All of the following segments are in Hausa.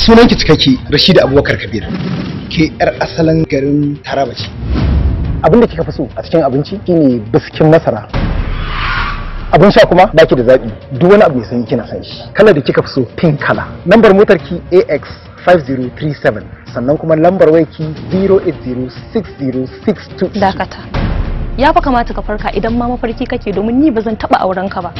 sunan ki cikakke Rashida Abubakar Kabir ke yar asalin garin Taraba ce abin da kika fi so a cikin abinci shine biskin masara abin sha kuma baki da zaɓi duk wani abu mai sanyi kina san shi kalar da kika fi so pink kala lambar motar ki AX 5037 sannan kuma lambar waya ki 0806062 dakata ya fa kamata ka farka idan ma mafarki kake domin ni ba zan taɓa auren ka ba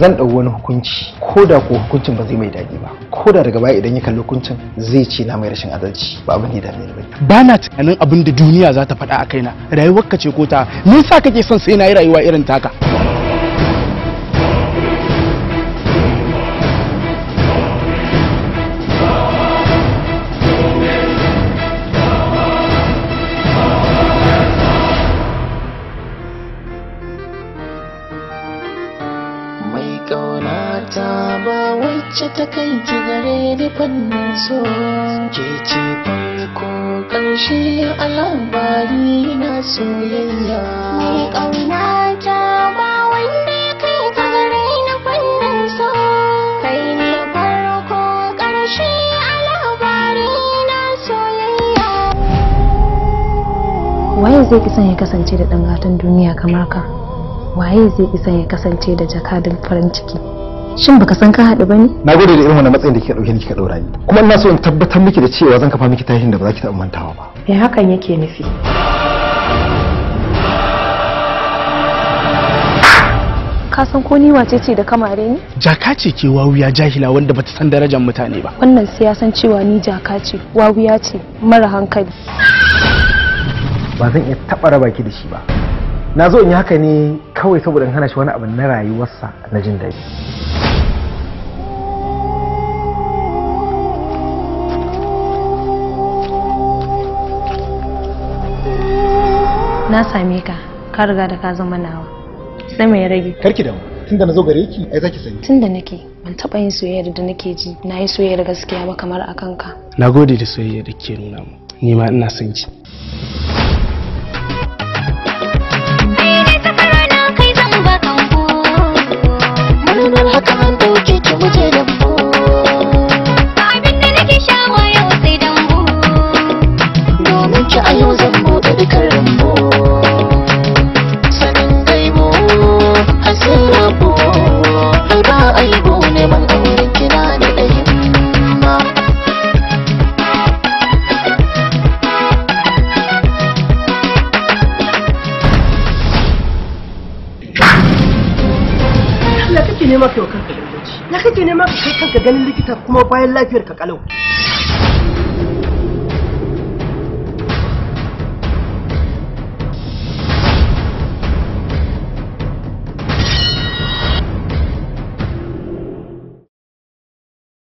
zan ɗau wani hukunci ko da ko hukuncin ba zai mai daɗi ba ko da daga baya idan ya kalli hukuncin zai ce na mai rashin adalci ba abin da dame ba ba na tunanin abin da duniya za ta faɗa a kaina rayuwar ka ce ko ta me yasa kake son sai na yi rayuwa irin taka ƙaunata ba wacce ta kai ki gare ni fannin so ke ce farko ƙarshe a na soyayya ni ƙaunata ba wanda kai ka gare ni fannin so kai ne farko ƙarshe a labari na soyayya waye zai ki ya kasance da ɗan gatan duniya kamar ka waye zai isa ya kasance da jakadin farin ciki shin baka san ka haɗu bane na gode da irin wannan matsayin da kika dauke ni kika daura ni kuma ina so in tabbatar miki da cewa zan kafa miki tashin da ba za ki taɓa mantawa ba me hakan yake nufi ka san ko ni wace ce da kamare ni jaka ce ke wawuya jahila wanda bata san darajar mutane ba wannan siyasan cewa ni jaka ce wawuya ce mara hankali ba zan iya taɓa raba ki da shi ba na zo in yi haka ne kawai saboda hana shi wani abu na rayuwarsa na jin daɗi na same ka ka riga da ka zama nawa sai mai rage karki da tunda na zo gare ki ai zaki sani tunda nake ban taba yin soyayya da nake ji na yi soyayyar gaskiya ba kamar kanka. Na nagode da soyayya da ke nuna mu ni ma ina son ki na kake nema kai kanka ganganci na kake nema kai kanka ganin likita kuma bayan lafiyar ka kalau